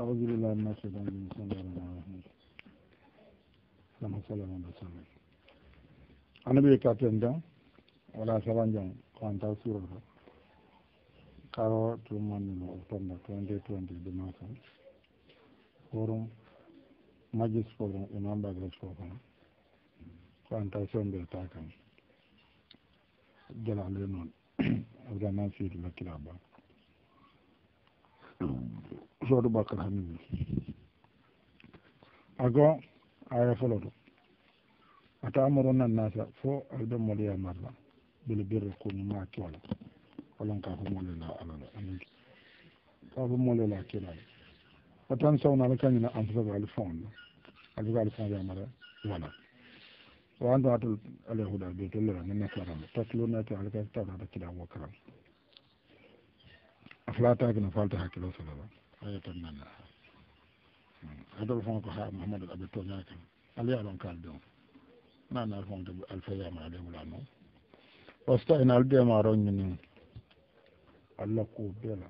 أعوذ بالله من الشيطان الرجيم بسم الله الرحمن الرحيم اللهم صل على محمد أنا بيكاتي عندهم wala sabanjang kwanta sura ka karo tuman no oktoba 2020 de masa forum majlis forum imam bagres forum kwanta sombe takan jala le non abda nan fi la sɔɔdu ba kala hami a a yɛ fɔlɔ a ta mɔrɔ na nasa fo a bɛ mɔli ya mari la bele la wala k'a fɔ mɔli ala la ani k'a fɔ mɔli la kɛ la ka taa ni na ale ka ɲinɛ an fɛ ale fɛnw na ale ka ale fɛn yamara wala wa an ta ale huda bi to lera ta kilo na ta ale ta da kila wa A afla ta kana falta hakilo sallallahu aye tan nan adol fon ko ha mahamadou aɓe toñaki ala yalon kal ɗon nane alfonde alfayama ale wula noon wasta ina aldemaro ñini allah ko bela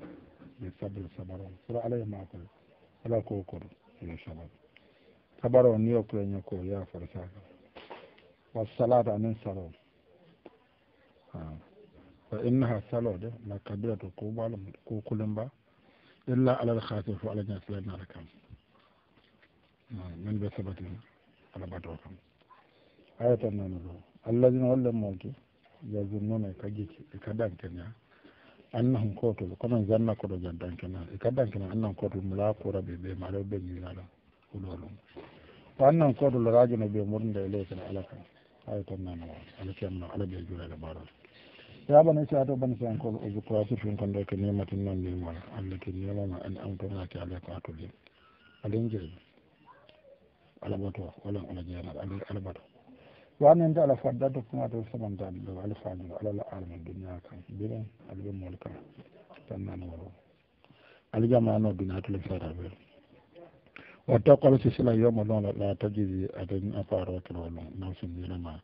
ɓe sabri sabaron sora alaye makoy ala ko koɗo ɓe sabar sabaro ni o kureño ko yafore saka wasalata anin salo fa innaha salode la kabiratu kubalum kukulimba illa alal khatir fo ala ñaa sila naata kam min ɓe sabatin ala bato kam aya tan noon ka jiki e ka ɗankenya annahum kotol kono janna koɗo jan ɗankena e ka ɗankena annahum kotol mula kura ɓe ɓe maɗo ɓe ñinaɗa huɗo ɗum ko annan ala saabana saato ban sankol oso kowaasi fin konde ko nimatin noon ndimol allah ke nimama an amtomnaki ala ko atolin alin jeeyi alabato walan ala jeenat ali alabato waninde ala ala duniya kan وتقول سيسلا يوم الله لا تجدي أدنى أفار وكرول نفس النيلما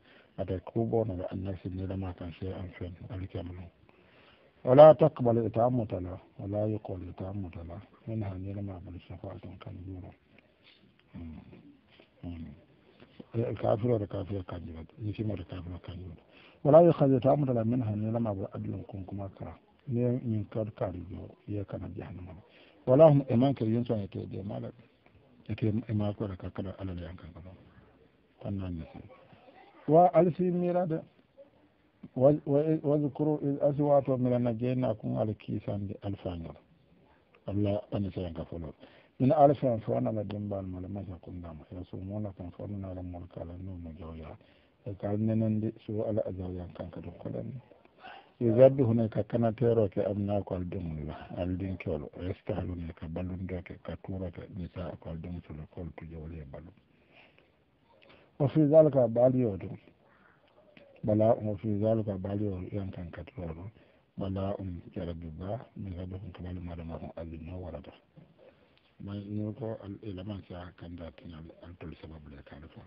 أدى كوبون على النفس النيلما كان شيء أنفين الكامل ولا تقبل إتام تلا ولا يقول إتام تلا منها النيلما بل الشفاعة كان يورا الكافر والكافر كان يورا يسمى الكافر كان يورا ولا يخذ إتام تلا منها النيلما بل أدل كون كما كرا من كار كان يورا يكنا جهنم ولا هم إمان كريون سنة تيدي مالك ete imakore ka kada alal yankan kama wannan nasi wa alsi mira da wazkuru iz aswato mira na jena kun alkisande alfanyol allah ani sayanka folo min alfen fonana dimbal mala masa kundama ya sumuna kan fonunara molkala numu jawya e ka ala ajaw yankanka do kolanni yugaddu hune ka kana ta kanateroke amnako aldemulla aldinkewol restahalune ka ballundoke ka turake nisa ko aldemsulo koltujowole ballum o fi dalika baaliyo ɗum bala o um, fi dalika baaliyo yankan katiro ɗum bala um jarabi ba min gaɗo kon kabali mara ma kon wara warata mai ni ko al-ilamansi ilaman sa kandatinal altol sababu le kaale fo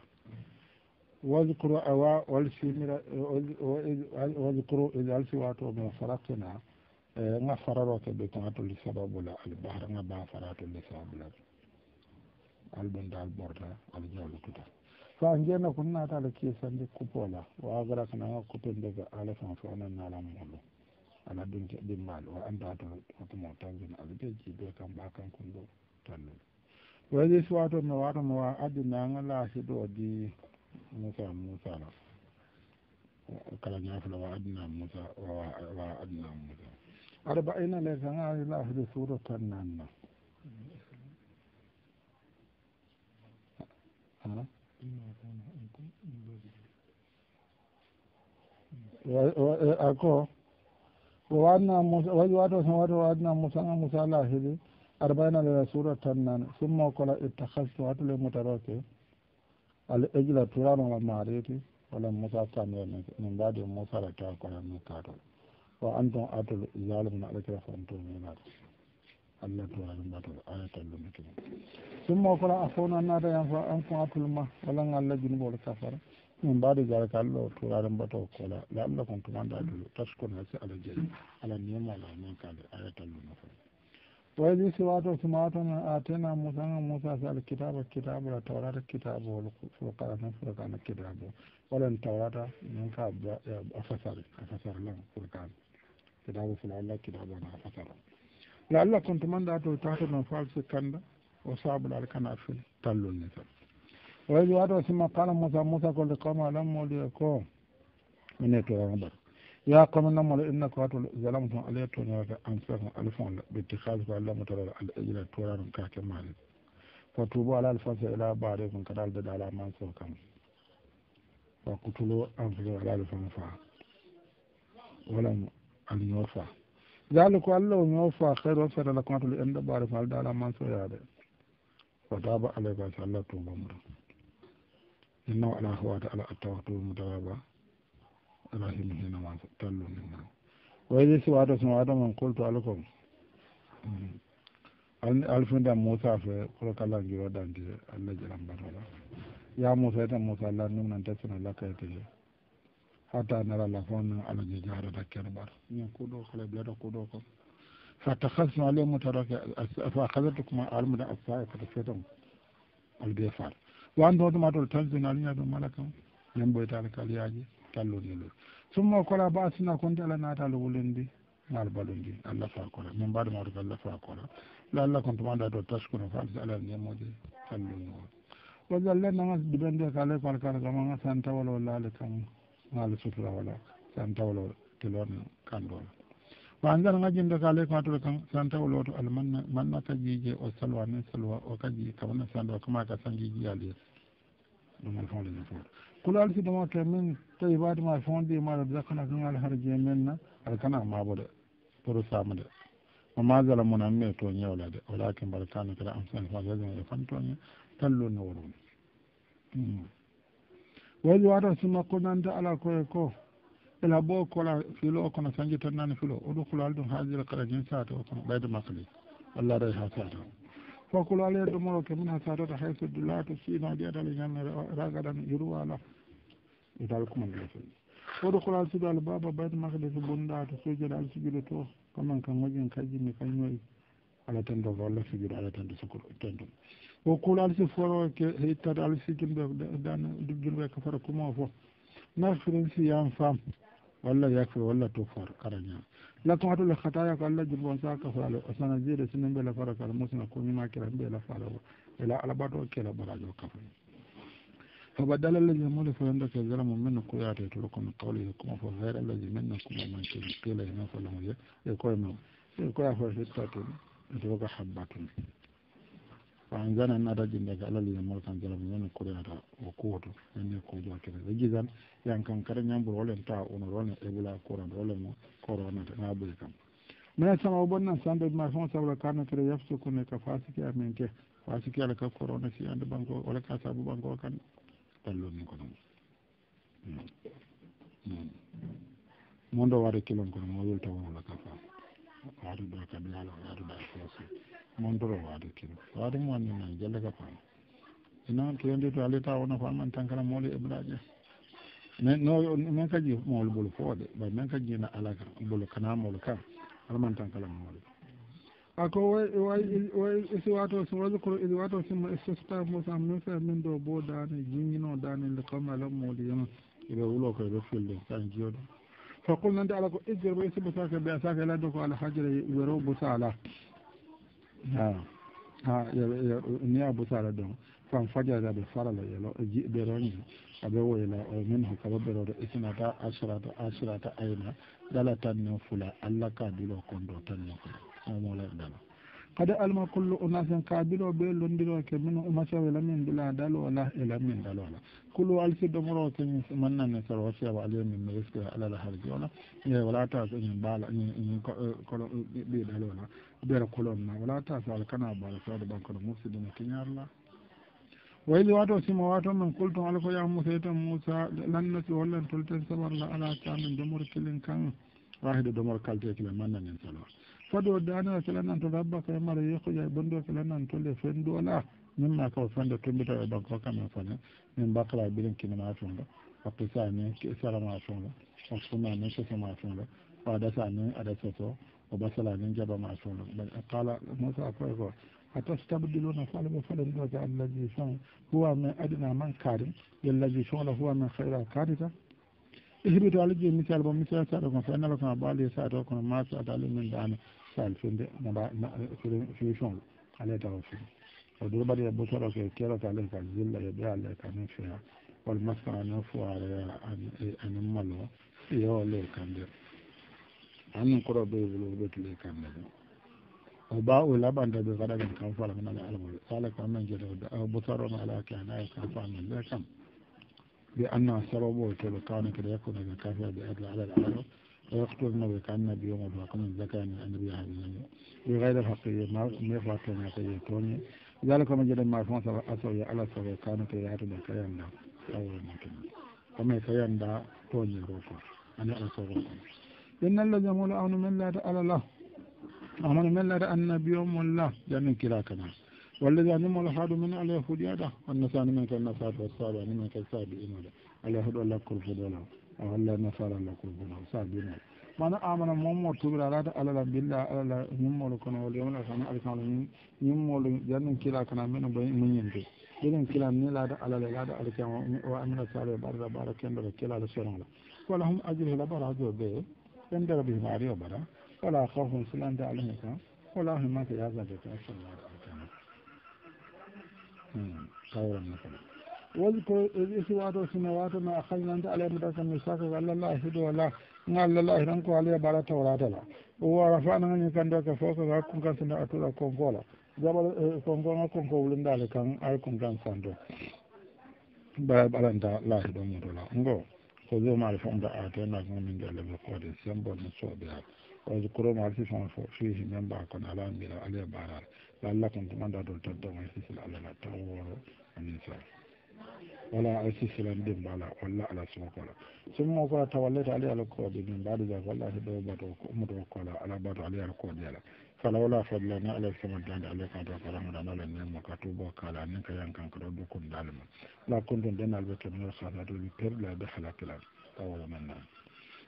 واذكر أوا والسمرة واذكر إذا ألسوات ومن فرقنا nga fararo ke be ko atol sababu la al bahr nga ba farato le sababu la al bundal borda al jalo tuta fa ngena kun na kupola wa gara kana nga kupen daga ala na na la mulo ala dun ke wa anda to to mo tangi na al ke ji be kan ba wa ni swato no wa to mo adina nga موسى موسى وكلا نافل وعدنا موسى وعدنا موسى أربعين لجماعة إلى أهل سورة النعمة ثم قال اتخذت هاتوا لي متراكب al'ajila turano la mareti wala musa tamiya min badi musa la ta ko ka kato wa an antum atul zalim na alkira fantum min nar Allah to alim bato ayatan dum kin summa kula afona na da yanfa an kun atul ma wala ngalla junbol kafara min badi gar kallo turaren bato kola la Allah kun tumanda dulu taskun hasi ala jeli ala ma la min kale ayatan dum kin wayjusi wato sumatono atena musa ga musa sal kitaba kitabu la tawrata kitabu wala furqana kitabu walan tawrata min afasari afasari lan furqan kitabu fulalla kitabu na afasara lalla kontu man dato tahto falsi kanda o sabul al kana fil tallol ni tan wayju wato sima qala musa musa ko liqama lam moliya ko ya kama na mara ina kwa to zalam to alayya to ne an san alfon da bi tikhas ba Allah mutara al ajra to ran ka ke mal fa to ba ala alfon sai ila ba rekun ka dal da ala man kama kan fa kutulo an fi ala alfon fa wala al yofa zalika Allah mu yofa khairu fa la kuma to inda ba rekun al ala ya da fa da ba alayka sallatu mamdu inna ala khawata ala atawatu rasili hina ma tallu min wayde si waɗo somo waɗo mon kolto alkom alfindam moussa fe koto kala juro ɗanti allah jalam batola ya moussa eten moussa allah numnan tesona lakkaytege hatta nara la fon ala da jarata kene ɓar min kuɗo kala blata kuɗo kom hatta hasno ale mutarake fa hasatu kuma almuda assa e koto fetom albe far wandoɗuma tol tansinaliña ɗum mala kam nen ɓoytali kaliyaji tallude ɗum summa kola ba sina konde ala natal wulundi maal baɗoji allah fa kola min mbaɗo mawɗo ko allah fa kola la allah kon tumaɗa to taskuno fa alsa alal ñemoje tallungol wa galle naga dibende ka ale par kara kamaga san tawalo laale kam maale sutura wala san tawalo tilon kandola wa andaranga da ka ale matoro kan san tawalo to almanna manna jije o salwa ne salwa o kaji kawana sandoa kama ka sanjiji alies ɗum alfon le ne foto kula alfidama ke min ta to ibadama fonde ma rabbi zakana kan alharje min na alkana ma bode poro da, o magala mun an me to ñawlade walakin mbaɗa tani kada amsan fasasin e fantoñe tallone woron hmm. wayli wata sunna konanta ala koye ko Ila ɓo kola filo o kono sanji tan nani filo oɗo kulal ɗum haajira kala jin sata o kono ɓayde makkali walla ray ha sata fa kulal e ɗomoro ke min ha satata hayso dulaato siino ɗiyatal ñannere ragaɗan yuruwala ital kumandila sonde woto kola suɗo albaba bayt makde so bonɗa to sojade alsujude to kaman kan wajen kajini kañoyi ala tando walla sujude ala tando sokoro tandum o kula alsi foro ke ittade alsi julɓe dana julɓe kafara kumo fo nafirin siyan fam walla yakfe walla tofar karaña lakin fara kala musina koñuma kira mbela faala o barajo فبدل الذي يمول مولى فلندك الظلم منكم يأتي يتركم من قولكم فغير الذي منكم ومن قيل هنا فلم يقول من يقول فشتة يترك حبة فأنزلنا أن أرجل لك على الذي يمول كان ظلم منكم يأتي وقوت أن يقول جاك رجزا يعني كان كرن ينبر ولن تاع ونر ولن إبلا كورن ولن كورونا نابلكم من السماء وبنا سند ما فهم سبب كان ترى يفسكون كفاسك يا منك فاسك على كورونا عند بانكو ولا كاسابو بانكو كان kallo min kono mon waɗa kilon kono mo welta wonola ka fam waɗu ɗo ka bilala waɗu ɗa fosi mondoro waɗa kilo waɗu mo wannina jelle ka fam ina tuwendi to alita wona faman tan kala mooli e braje mais no min ka ji bolo ɓol fooɗe ɓay min ka jina alaka bolo kana mool kan alaman tan kala mooli ako way isiwato so wadkuru id wato sima istisqa musa musa min do bo dane jingino dane le kam ala modi yama ida wulo ko be fulde tan jodo fa qulna nda ala ko ijir be sibu saka be saka la do ko ala ha ha ni abu sala do fan fajara be farala yelo be roni abe woyla minhu kaba berode isinata asrata asrata ayna dala tan no fula alla ka dilo kondo amolerdala kada alma kullu unasin kabilo be londiro ke minu umasa wala min bila dalo wala ila min dalo wala kullu alsi domro ke min manna ne sarwa shi ba ale min meske ala la harji wala ne wala ta so in bala in kolo be dalo wala be kolon na wala ta so alkana bala so da banko la. Wai wayli wato simo wato min kultum ala ko yamu seytan moussa lannati hollan tolten sabarla ala kamin domor kilin kan wahido domor kalte manna mannanen salwa fado danira kilananto rabbaka e mara yekkuja e bonɗo kilanantole fenduola mimma kao fende tumbita e banko kamen fone min bakra a a o ko أتستبدلون فعل فعل الذي هو من أدنى من كارم الذي hiɓito allah joni misal bo misal saɗo kon fenala kono ɓaali sato kono ma sadale min dana sal finde no mba solution lo alay tawa fi o dur mbaɗi e busoɗo e ko kerata alay ka zilla e ɓe alay kamin feya wol maskara no foire anin mallo yewo ley kande annin koɗo ɓe wulo ɓetule kande ɗo o ba o laɓanta ɓe kaɗa ɓen kam fala min ala almol sala kam men jeeto busarono ala ke ana e kam fa min ɓe kam بأن سببه كبطانك ليكون بالكافر بأدل على العرب ويقتلنا بكأن بيوم الواقع من أن النبي هذا بغير الحقيقة ما يخلق كما يقول ذلك من جد ما يكون سبب أسوي على سبب كان كي يعرض كيان لا أول ما كان وما كيان لا توني روكو أنا أسوأ سبب إن الذي يقول أن من لا على له أمر من لا أن بيوم الله جل يعني كلا كنا والذي أنم الحاد من اليهود يدا والنصارى من كالنصارى والصابع من كالصابعين ولا اليهود ولا كل فدولا أو ولا النصارى ولا كل فدولا صابعين من آمن مم وتبر على على بالله على يم ولكن واليوم الآخر أركان يم ولن جن كلا كنا من بين من ينتهي جن كلا من لا على لا على كم وأمن الصالح بارد بارد كم بارد كلا لسرنا ولهم أجر لا بارد به عند به ماريو برا ولا خوف سلام عليهم ولا هم ما تجازى بتأثير kawuran mutane wani ko isi wato su ne wato na akan yan da alayyar mutasa mai saka ga lalla shi da wala na ko aliyar bara ta ta la uwa rafa nan ne kan da ka fosa ga kun kan sun da atura kongola zaba kongola kongola wurin da mutu la ngo ko zo ma alfa umra a ta yana kuma min da alaba ko da siyan bonin so biya wani kuro ma alfi fan fo shi shi memba kan alamira aliyar bara lallakon tumanda ɗon toddomo e sisila ala la taw wooro amin sa wala ay sisilan ɗin la wala ala sumakola summo kola tawallete ali ala koode min ba mbaɗi jak wallahi ɗo bato ummoto kola ala bato ali ala koode ala fala wala la fadlani ala samantande ala kan tan karamuɗan ala nemo ka tubo kala nin ka yan kanko ɗo dukkundale mum la kontum denalɓe kemnor sasatuɓe perɗa ɓe halakkilan tawala men nan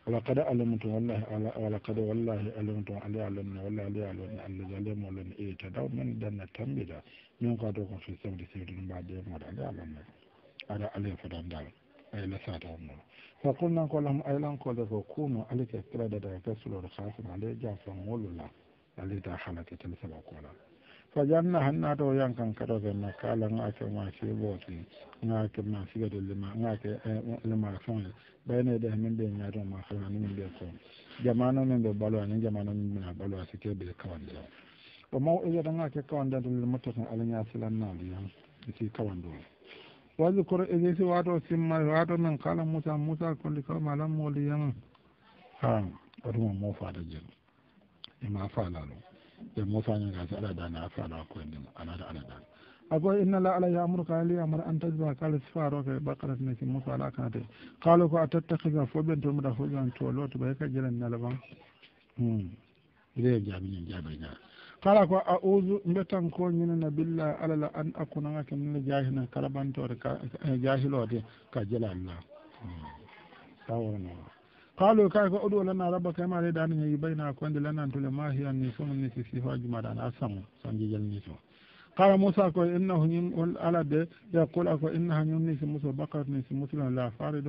walakada alimutu wallahi walakada wallahi alimutu ali alimutu wallahi ali alimutu ali zalimu alimutu ili tadaw min danna tambida min kwa doko fi sabri sabri nba de mwada ali alimutu ala ali fadan dalu ay la sata amna fa kunna ko lam ay lan ko defo kunu ali ke kira da da ka sulu khasim ali jafa mulula ali ta halaka tan sabako lan fajar na hannu fajanna hannato yankan kaɗo na kala ngake ma seboki ngake ma sigado lima na ngake eh, lima fone ɓayne ɗe min ɓe ñaato ma fanani min ɓe ko jamano min ɓe balo ani jamano min mina balo a sikke ɓe kawande o o maw alin ya silan na limottaten da ke yan si kawando waji koro e su wato mai wato min kala musa musa kondi kawma alam moli yama ha otuma mo fata jel ima e lalu e mofani ga sa da na afa ala ko ndim ala da ana da abo inna la ala ya ya'muruka an liya'mura an tajba kala sifaro ka bakara ne ki musa ala kana te qalu ko atattakhidha foben to muda foben to lot bai ka jiran na laban hmm ya jabi ne jabi na kala ko a uzu mbetan ko nyina na billahi ala la an akuna ka min jahina kala to ka jahilo de ka jalan jala allah hmm. na قالوا كيف أدعو لنا ربك ما لي أن يبين أكوان لنا أنت لما هي النسون النسي سيفا جمالا أسمو سنجي النسون قال موسى كو إنه يقول على ده يقول أكو إنها ينسي موسى بقر نسي موسى لا فارد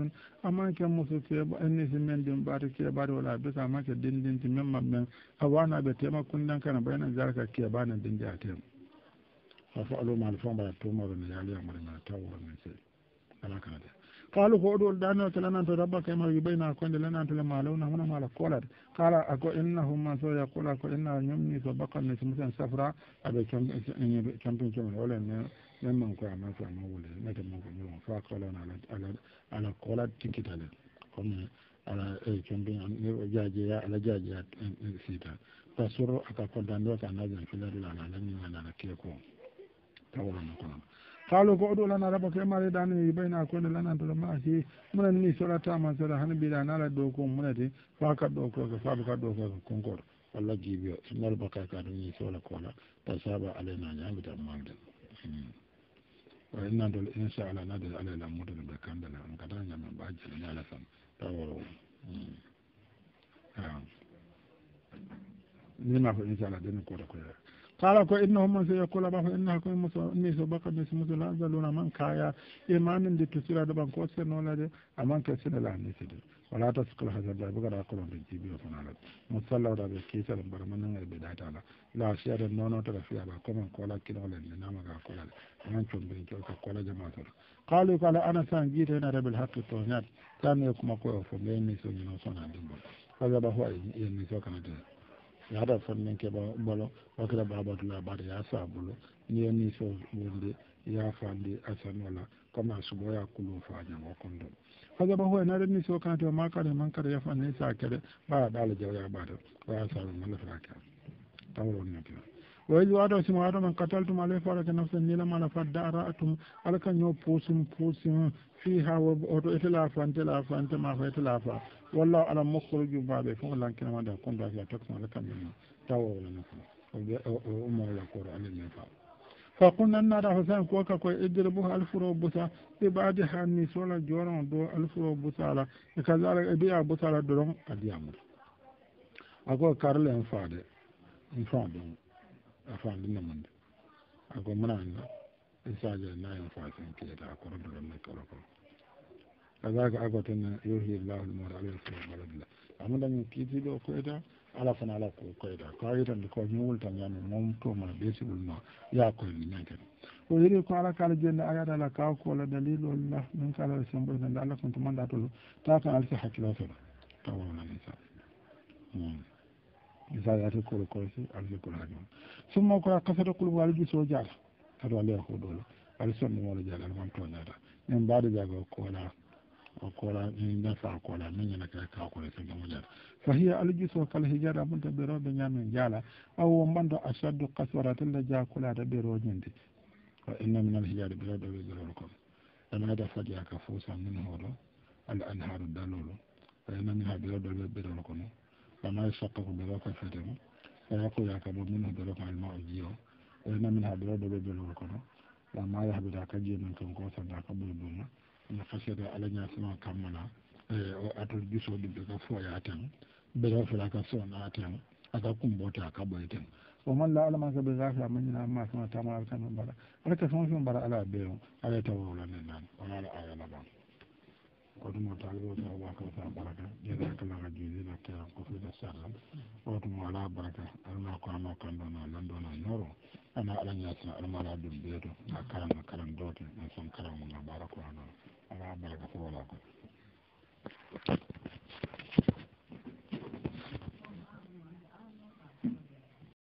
أما كان موسى كيب نسي من دين باري كيبار ولا بس أما كدين دين تمام من أوانا بتيما كنا كان بين ذلك بان دين دي أتيم ففعلوا ما الفهم بلا توما بمجالي أمرنا تاورا من سي على كنده قالوا فودول دانو تلنا انت ربك ما يبين اكون لنا انت لما لونا هنا ما لقولت قال اكو انهم ما سو يقول اكو ان يمني سبق ان مثلا سفرا ابي كم كم كم ولا لما كو ما كو ما ولا ما كم ما فقال انا على على على قولت تكتل قم على كم جاجي على جاجي سيتا فسر اكو دانو كان لازم في لا لا لا لا لا لا كيكو تولنا كلنا haalo ko oɗo lana raba koye mare ɗani bayna koyno lanantoɗo maaki munen ni soɗatama soɗa hani mbiɗani ala dow ko munete fa kaɗɗo koke faaba kaɗɗo koke konkoɗo walla giibi o innal baka ka ɗum hmm. ni sohla koola ta saaba alayna ñaamita mamden wa innantol inchallah nadel alay lammudene ɓe kandela on kata ñamen ɓa jela ñala tan ta woro ni ma ko inchallah deni koota koye qala ko innahum so yakkula ba ko inna ko ni so baka ni musu la zaluna man kaya imanin de tusira da ban ko se a de aman ka sina la ni sidi wala ta sukul hazar da buga da kolon rinji biyo fana la musalla da be kisa da barman nan be da ta la la shi da nono ta da a ba kuma kola kina wala ni nama ga kola aman chon bin ko ka kola jama'a ta qalu qala ana san gita yana da bil haqqi tawnyat tan ya kuma ko fo be ni so ni no sona dimbo kaga ba ho ai ni yaata fannin keɓa balo wakila babatula bata ya sa bolo ni yoni so wonde ya fandi asanola comme a suɓoya kulo fañamo kondo hajaba hoye na renni so kanate o makade man kada yafanni sa kede ɓawa ɗala jawya ɓata waya saɓe malafraka tawronnakira wayli waɗo simo waɗo men kataltum alay farake nafsan nilamala fadda ra'atum ala kaño puusum puusum fi ha oto etela fa ntela fa ntema fa etela fa wallahu alam mukhruju ba'da kun lan kana da kun ya takma la kan min tawo wala na ko umar la qura alil na da husain ko ka ko idribu al furu busa bi ba'da hanni sola joron do al furu busa la ka zalaka bi ya busa la do adiyamu ako karle en faade a faade namande ako ga kazaka abatana yuhi llahu lmawta alayhi salam baradila amada min kiitiɗo koyta ala fana ala ko koyta ko ayitande ko ya mun min wultanyami mom tomana ɓeesigulma ya koyni ñanken o yiri ko ala kala jonde ayata ala kaw kola dalilol la min kala ala semboytande allah kon to manda tolo ta ta kan alsi hakkilo feɗa tawawnanisa isa yati kolo koysi alsi kolo hajum summa koya kasata kulubo ala juso jaata aɗa walla yahuɗole ala sonndimoɗo jaata ala mam toñata min mbaɗo jago kola kola ɗa sa kola min yana kai ka kola so gamo jala fa hiya aljuso kala hijara bunta ɓe roɓe ñamen jala aw wo mbanɗo achaddu da ja kulata ɓe roñinde wa inna min alhijari ɓe roɗo ɓe ɓerol kom ɗanaada fadiya ka fuusa min hoɗo al anharu dalolu fa inna min ha ɓe roɗo ɓe ɓerol kono ɗana sakkaku ɓe roka fetemo fa yakoyaka bo min ɓe roka alma o jiyo fa inna min ha ɓe roɗo ɓe ɓerol kono ɗama yahɓita ka jeemen kan ko sanda ka ɓoy buma na da ala suna kammala eh, o atol jusodi be ka foya ten bega fela ka sona ten aka kumbote ka bai ten o man la alama ka be zafi amma ñina amma sama tamara tan bara ala ka sama fim bara ala beyo ala tawawla ne nan wani ala aya laban kotumo talibo sa ko sa baraka jeda kala ka juzi la ko kofi da to mo ala baraka alma ko kan do na lando na noro ana ala nyasa alma la dum to na karan na do to na son kala mun na ala ana ala baraka ko wala ko